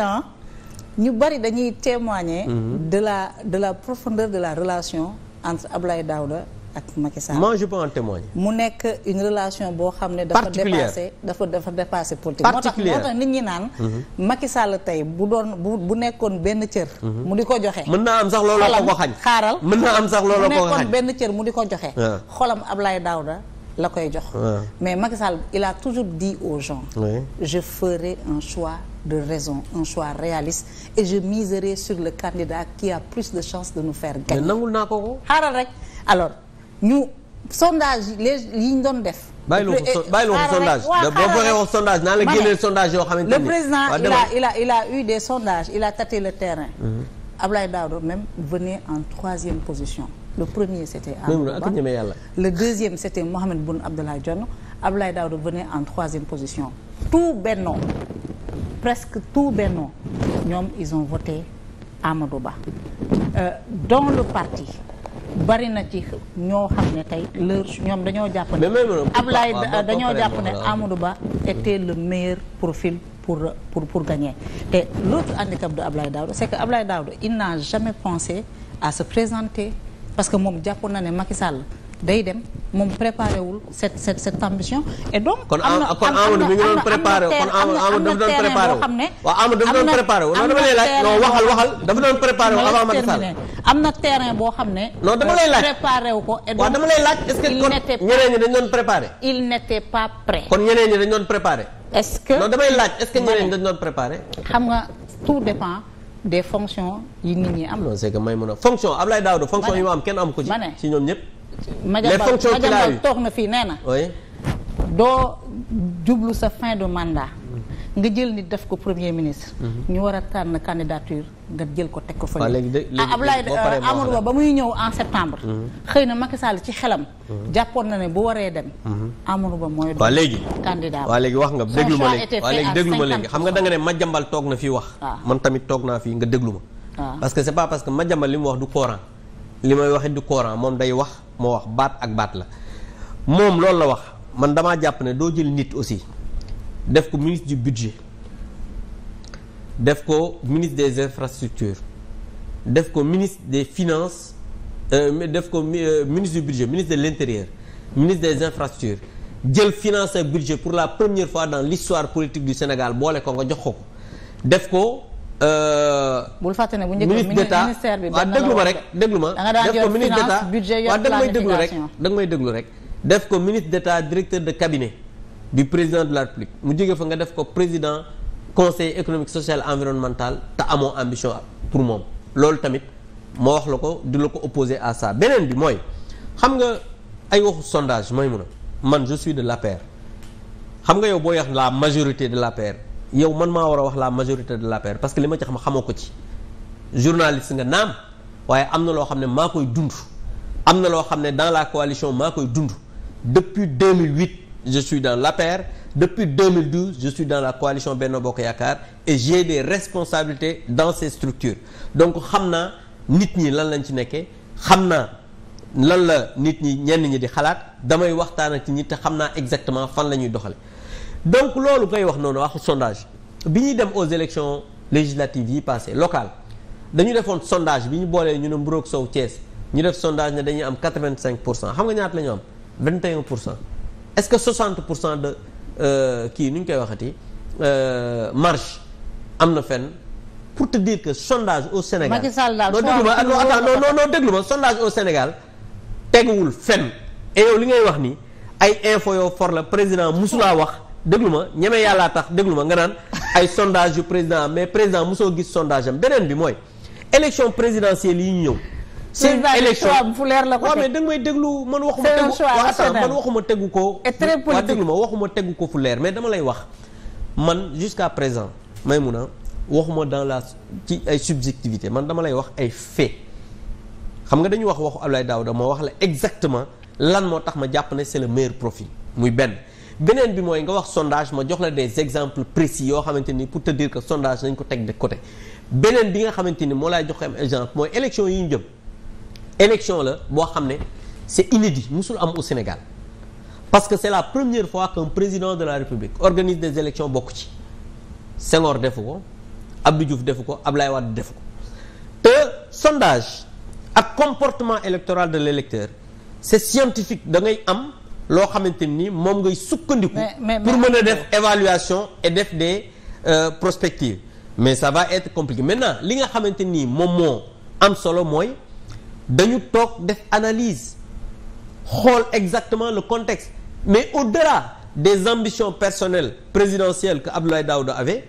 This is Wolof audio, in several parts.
temps ñu bari dañuy témoigner. Mhm. de la de la profondeur de la relation entre daaw da ak Macky Sall. moi je peux en mu nekk une relation boo xam ne. dafa dépassé dafa dafa dépassé politique. moo tax moo tax nit ñi naan. Mhm. Macky Sall tey bu doon bu bu nekkoon benn cër. Mhm. mu di ko joxe. mën naa am sax looloo ko ko xañ xaaral mën naa am sax looloo ko ko xañ mu nekkoon benn cër mu di ko joxe. Ah. xolam Ablaye Daouda. la koy jox. mais Macky Sall il a toujours dit aux gens. je ferai un choix de raison un choix réaliste et je miserai sur le candidat qui a plus de chances de nous faire gagner. mais nangul naa ko ko. rek alors ñu sondage yi ñu doon def. bàyyiloo ko eh, sondage boo ko wax sondage naa la génneel sondage yoo xamante ni. le président il a il a il a eu des sondages il le terrain. Mhm. Ablaye Daouda même venait en troisième position. le premier c'était Amadou Ba le deuxième c'était Mohamed bun Abdallah Dionne Abdoulaye Daouda venait en troisième position tout Benno presque tout Benno ñoom ils ont voté Amadou Ba euh, dans le parti bari na ci ñoo xam ne tey leur ñoom dañoo jàpp ne Ablaye dañoo jàpp ne Amadou Ba était le meilleur profil pour pour pour gagner te l'autre handicap de Ablaye Daouda c'est que Ablaye Daouda il n'a jamais pensé à se présenter parce que moom jàpp na ne Macky Sall day dem moom préparé wul cette ambition. et donc am na kon Amadou mi ngi doon préparé kon Amadou dafa doon préparé wu. am na terrain boo xam ne. non dama lay laaj préparé wu ko. et donc dama lay laaj est-ce que kon ñeneen ñi dañu doon préparé. il n'était pas prêt. kon ñeneen ñi dañu doon préparé. est-ce que non damay laaj est-ce que ñeneen ñi dañu doon préparé. xam nga tout dépend. des fonctions yi nit ñi am. non c'est que may mën a fonction Ablaye Daouda fonction yi ma am kenn am ko ci. ci ñoom ñëpp. les fonctions qu'il a eu toog na fii nee na. oui doo jublu sa fin de mandat. nga jël nit def ko premier ministre. Mhm. ñu war a tànn candidature nga jël ko teg ko fa. léegi ah, léegi Ablaye euh, Amadou Ba ba muy ñëw en septembre. Mhm. xëy na Macky Sall ci xelam. Mhm. jàppoon na ne bu waree dem. Amadou Ba mooy. waaw léegi candidat waaw léegi wax nga déglu ma léegi waaw léegi déglu ma léegi xam nga da nga ne Madiambal toog na fi wax. Ah. man tamit toog naa fii nga déglu ma. Ah. parce que c'est pas parce que Madiambal li mu wax du Coran li may waxee du Coran moom day wax moo wax baat ak baat la moom loolu la wax man damaa jàpp ne doo jël nit aussi def ko ministre du budget def ko ministre des infrastructures def ko ministre des finances euh, def ko euh, ministre du budget ministre de l'intérieur ministre des infrastructures jël finance ak budget pour la première fois dans l'histoire politique du Sénégal boole ko nga jox ko ko def ko. Euh, bul fàtte ne bu njëkk ministre d'État waaw déglu ma rek déglu ma def ko ministre d'État waaw danga may déglu rek danga may déglu rek def ko ministre d'État directeur de cabinet du président de la République mu jóge fa nga def ko président conseil économique social environnemental te amoo ambition pour moom loolu tamit moo wax la ko di la ko opposé à ça beneen bi mooy xam nga ay waxu sondage mooy mun a man je de la l'APR xam nga yow boo wax la majorité de la l'APR yow man maa war a wax la majorité de la l'APR parce que li ma ci xam xamoo ko ci journaliste nga naam waaye am na loo xam ne maa koy dund am na loo xam ne dans la coalition maa koy dund je suis dans l'APR depuis 2012 je suis dans la coalition benn Bokk Yaakaar et j'ai des responsabilités dans ces structures donc xam naa nit ñi lan lañ ci nekkee xam naa lan la nit ñi ñenn ñi di xalaat damay waxtaan ak nit te xam naa exactement fan la ñuy doxale donc loolu ngay wax noonu waxu sondage bi ñuy dem aux élections législatives yi passées locales dañu defoon sondage bi ñu boolee ñu ne Mburoog Sow Thiès ñu def sondage ne dañuy am 85 pour cent xam nga ñaat la ñu am 21 est-ce que 60 pour cent de euh, kii nu ñu koy waxati euh, marge am na fen pour te dire que sondage au Sénégal. Macky Sall daal non déglu ma non attends non non déglu ma sondage au Sénégal teguwul fenn et yow li ngay wax ni ay info yoo for la président musulaa wax déglu ma ñeme yàllaa tax déglu ma nga naan ay sondage yu président mais président mosoo gis sondage am beneen bi mooy élection présidentielle yi ñu ñëw. c'est élection fu leer la ko waaw mais da may déglu man waxuma tegu waaw man waxuma tegu ko déglu ma waxuma tegu ko fu leer mais dama lay wax man jusqu'à présent Maïmouna waxuma dans la ci ay subjectivité man dama lay wax ay fait xam nga dañu wax waxu Abdoulaye Daouda ma wax la exactement lan moo tax ma jàpp ne c'est le meilleur profil muy benn beneen bi mooy nga wax sondage ma jox la des exemple précis yoo xamante ni pour te dire que sondage nañ ko teg de côté beneen bi nga xamante ni moo laay joxe am exemple mooy élection yi ñu jëm élection la boo xam ne c'est inédit mosul am au Sénégal parce que c'est la première fois qu'un président de la République organise des élections bokk ci Senghor defu ko Abdou Diouf defu ko Ablaye Wade defu ko te sondage ak comportement électoral de l'électeur c'est scientifique da ngay am loo xamante nii moom ngay sukkandiku pour mën a def évaluation et def des euh, prospectives mais ça va être compliqué maintenant li nga xamante nii moom moo am solo mooy dañu toog def analyse xool exactement le contexte mais au-delà des ambitions personnelles présidentielles que Abdoulaye Daouda avait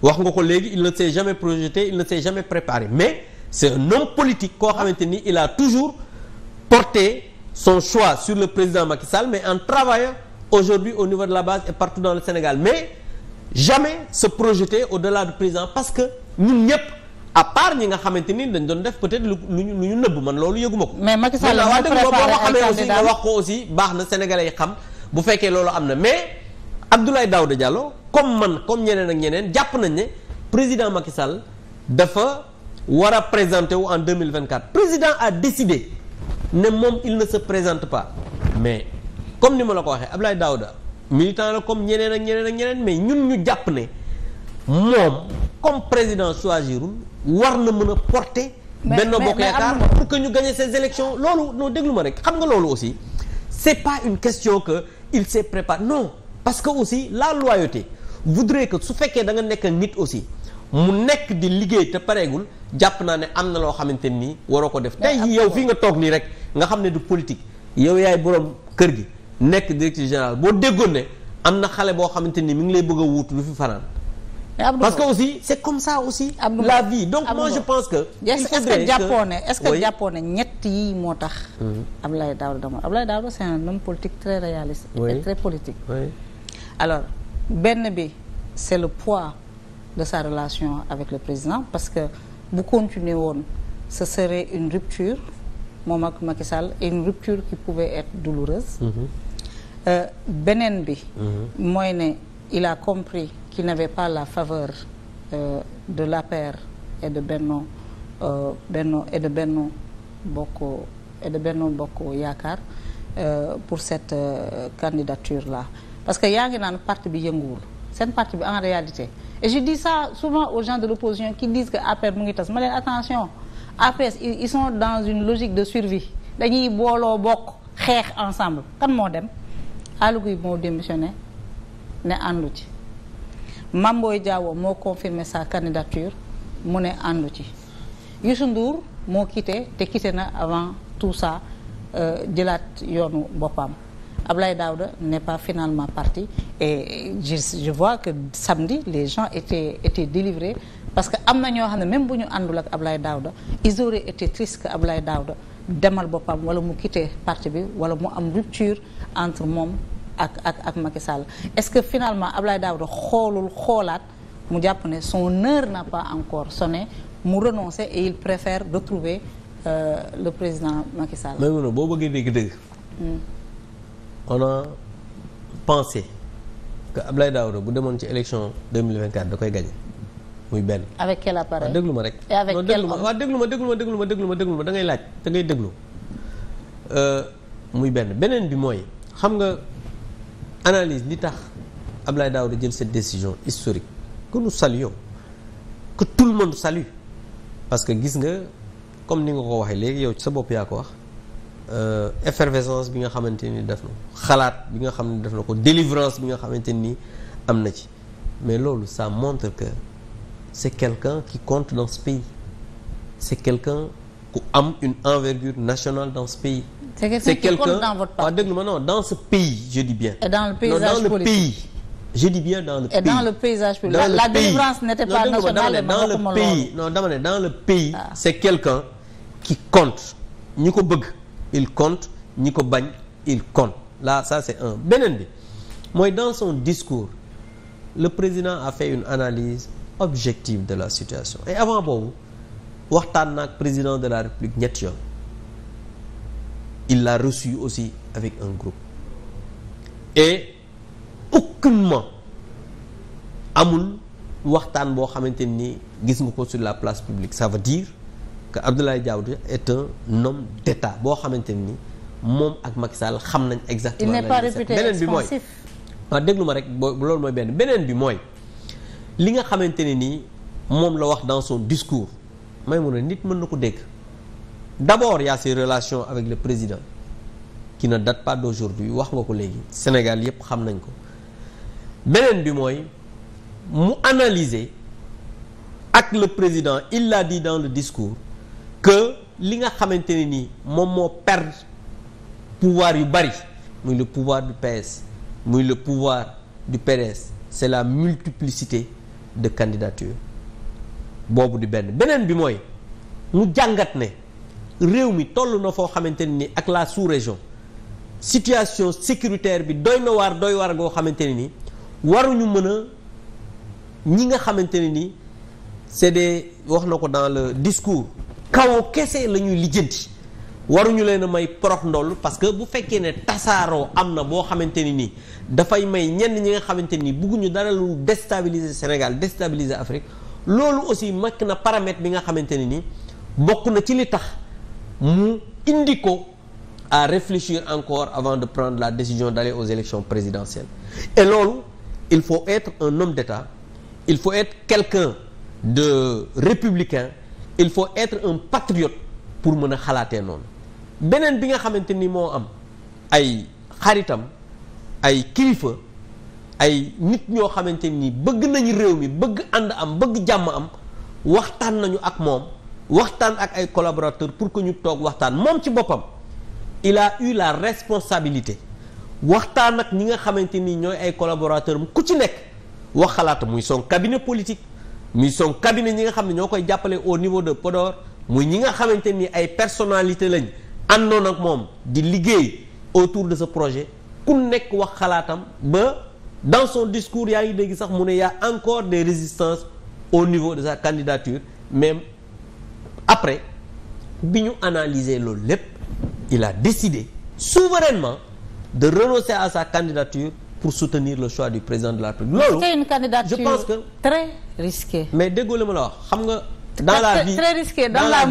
wax nga ko léegi il ne s'est jamais projeté il ne s'est jamais préparé mais c'est un homme politique koo xamante ni il a toujours porté son choix sur le président Macky Sall mais en travaillant aujourd'hui au niveau de la base et partout dans le Sénégal mais jamais se projeter au-delà du président parce que ñun ñëpp à part ñi nga xamante ni dañ doon def peut-être lu ñu lu ñu nëbb man loolu yëguma ko. mais Macky Sall wax dëgg boo ko xamee nga wax ko aussi baax na sénégalais xam bu fekkee loolu am na mais Abdoulaye Daouda Diallo comme man comme ñeneen ak ñeneen jàpp nañ ne président Macky Sall dafa war a présenter wu en 2024 président a décidé ne moom il ne se présente pas mais comme ni ma la ko waxee Abdoulaye Daouda militant la comme ñeneen ak ñeneen ak ñeneen mais ñun ñu jàpp ne. moom comme président choisirul war na mën a porter Benno Bokk Yaakaar pour que ñu gagner ces élections loolu noo déglu ma rek xam nga loolu aussi c'est pas une question que il se prépare non parce que aussi la loyauté voudrait que su fekkee da nga nekk nit aussi mu nekk di liggéey te pareegul jàpp naa ne am na loo xamante nii waroo ko def tey yow fii nga toog nii rek nga xam ne du politique yow yaay boroom kër gi nekk directeur général boo déggoon ne am na xale boo xamante ni mi ngi lay bëgg a wuutu du fanaan parce que aussi c'est comme ça aussi. la vie donc moi je pense que. il faudrait que est-ce que jàppoon ne est-ce que jàppoon ne ñett yii moo tax. Abdoulaye Daouda Damono Abdoulaye Daouda c'est un homme politique très réaliste. et très politique. alors benn bi c'est le poids de sa relation avec le président parce que bu continuer woon ce serait une rupture moom ak Macky Sall et une rupture qui pouvait être douloureuse. Euh, beneen bi. mooy ne. il a compris qu'il n'avait pas la faveur euh, de l'APR et de Benno euh, Benno et de Benno Bokk et de Benno Bokk Yaakaar euh, pour cette euh, candidature la parce que yaa ngi naan parti bi yënguwul seen parti bi en réalité et je dis ça souvent aux gens de l'opposition qui disent que APR mu ngi tas ma attention APR ils sont dans une logique de survie dañuy booloo bokk xeex ensemble kan moo dem Aly Ngouille moo démissionné ne àndu ci Mame Boye Diao moo confirmé sa candidature mu ne àndu ci Youssou Ndour moo quitté te quitté na avant tout ça euh, jëlaat yoonu boppam Ablaye Daouda n'est pas finalement parti et je je vois que samedi les gens étaient étaient délivrés parce que am na ñoo xam ne même bu ñu àndul ak Ablaye Daouda ils auraient été tristes que Ablaye Daouda demal boppam wala mu quitté parti bi wala mu am rupture entre moom ak ak ak Macky Sall est-ce que finalement Abdoulaye Daouda xoolul xoolaat mu jàpp ne son heure n'a pas encore sonné mu renoncer et il préfère retrouver euh, le président Macky Sall. may mun boo bëggee dégg-dégg. Hmm. on a pensé que Abdoulaye Daouda bu demoon ci élection 2024 da koy gagné muy benn. avec quel appareil waaw déglu ma rek. et avec quel homme ma déglu ma déglu ma déglu ma déglu ma da laaj da ngay déglu euh, muy benn beneen bi mooy xam nga. analyse li tax ab daaw Daouda jël cette décision historique que nous yow que tout le monde parce que gis nga comme ni nga ko waxee léegi yow ci sa bopp yaa ko wax euh, effervescence bi nga xamante ni def na xalaat bi nga xam ne def na ko délivrance bi nga xamante ni am na ci mais loolu ça montre que c'est quelqu'un qui compte dans ce pays c'est quelqu'un ku am une envergure nationale dans ce pays c'est quelqu'un ah, ce pays je dis bien. et dans le paysage non, dans politique. le pays. je dis bien dans le le paysage politique. dans la, la délivrance n'était pas nationale non dama ne dans le dans le pays. Ah. c'est quelqu'un qui compte ñi ko bëgg il compte ñi ko bañ il compte là sa c'est un beneen bi mooy dans son discours le président a fait une analyse objective de la situation et avant boobu waxtaan naag président de la République ñett yoon. il l'a reçu aussi avec un groupe et aucunement amul waxtaan boo xamante nii gis nga ko sur la place publique ça veut dire que Abdoulaye un homme d'État boo xamante ni moom ak Macky Sall xam nañ exactement il n'est pas ah, ma rek loolu beneen bi mooy li nga xamante ne nii moom la wax dans son discours may mun a nit mën na ko dégg d'abord y a ses avec le président qui ne date pas d'aujourd'hui wax nga ko léegi Sénégal yépp xam nañ ko beneen bi mooy mu analyser ak le président il l'a dit dans le discours que li nga xamante ne nii moom moo per pouvoir yu bari muy le pouvoir du PS muy le pouvoir du PDS c'est la multiplicité de candidatures boobu di benn beneen bi mooy mu jàngat ne réew mi toll na foo xamante ne ni ak la sous-région situation sécuritaire bi doy na waar doy waar goo xamante ne ni waruñu mën a ñi nga xamante ne ni c'est des wax na ko dans le discours kawo kese la ñuy lijjanti waruñu leen a may porox ndoll parce que bu fekkee ne tasaaroo am na boo xamante ni nii dafay may ñenn ñi nga xamante ni bugguñu dara lu déstabiliser Sénégal déstabiliser Afrique loolu aussi makk na paramètre bi nga xamante ne ni bokk na ci li tax mu indi ko à réfléchir encore avant de prendre la décision d'aller aux élections présidentielles et loolu il faut être un homme d'État il faut être quelqu'un de républicain il faut être un patriote pour mën a xalaatee noonu beneen bi nga xamante ni moo am ay xaritam ay kilifa ay nit ñoo xamante ni bëgg nañu réew mi bëgg ànd am bëgg jàmm am waxtaan nañu ak moom waxtaan ak ay collaborateurs pour que ñu toog waxtaan moom ci boppam il a eu la responsabilité waxtaan ak ñi nga xamante ni ñooy ay collaborateurs ku ci nekk wax xalaat muy son cabinet politique muy son cabinet ñi nga xam ne ñoo koy jàppale au niveau de Podor muy ñi nga xamante ni ay personnalité lañ àndoon ak moom di liggéey autour de sa projet ku nekk wax xalaatam ba dans son discours yaa ngi dégg sax mu ne y encore des résistances au niveau de sa candidature même après bi ñu analyser loolu lépp il a décidé souverainement de renoncer à sa candidature pour soutenir le choix du président de la République. loolu c'est je pense que très risquée. mais déggoo li ma la wax xam nga. dans la vie très risqué dans, dans la, la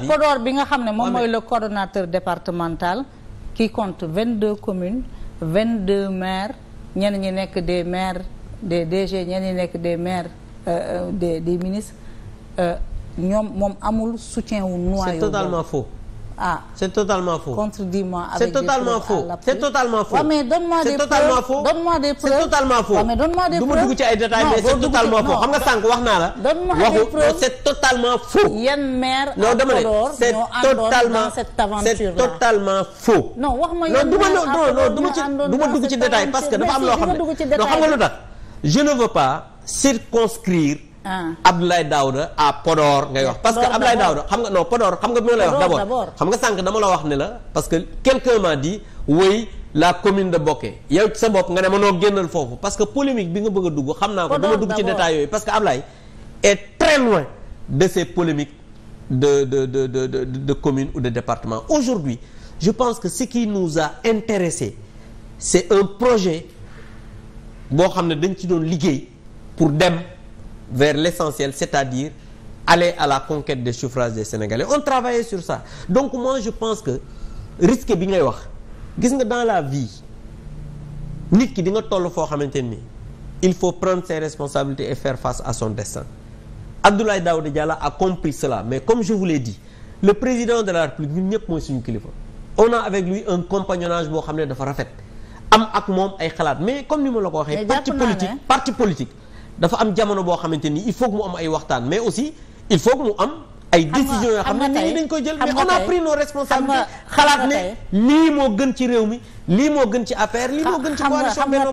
vie, mesure bi nga xam ne moom mooy le coordonnateur départemental qui compte vingt deux communes vingt deux maires ñenn ñi nekk des maires des DG ñenn ñi nekk des maire euh, euh, des des ñoom moom amul soutien wu noyau. c'est totalement faux. ah c'est totalement faux. contredis-moi avec des ma dugg ci ay détails mais c'est totalement nga sànq wax naa la. donne-moi des preuves waxu c'est totalement faux. yenn maire ak Podor ñoo àndoon dans wax ma yenn ma non ma dugg ci détail parce que dafa am loo xam ne non xam nga lu tax je ne pas circonscrire. Ah. Abdoulaye Daouda à Podor ngay wax parce que Abdoulaye Daouda xam nga non Podor xam nga mi lay wax xam nga sànq dama la wax ne la parce que quelqu'un m'a dit oui la commune de Boké yow sa bopp nga ne mënoo génnal foofu parce que polémique bi nga bëgg a dugg xam naa ko dama dugg ci détails yooyu parce que Abdoulaye est très loin de ces de de de de de, commune ou de département aujourd'hui je pense que ce qui nous a intéressé c'est un projet boo xam ne dañ ci doon liggéey pour dem vers l'essentiel c'est-à-dire aller à la conquête de suffrages des Sénégalais on travaillait sur ça donc moi je pense que risque bi ngay wax gis nga dans la vie nit ki di nga toll foo xamante ni il faut prendre ses responsabilités et faire face à son destin Abdoulaye Daouda jàlla a compris cela mais comme je vous l'ai dit le président de la République ñun ñëpp mooy suñu kilifa on a avec lui un compagnonnage boo xam ne dafa rafet am ak moom ay xalaat mais comme ni ma la ko waxee parti politique dafa am jamono boo xamante ni il faut mu am ay waxtaan mais aussi il faut mu am. ay décisions yoo xam ne nit dañ koy jël mais on a pris nos responsabilités xalaat ne lii moo gën ci réew mi lii moo gën ci affaire lii moo gën ci coalition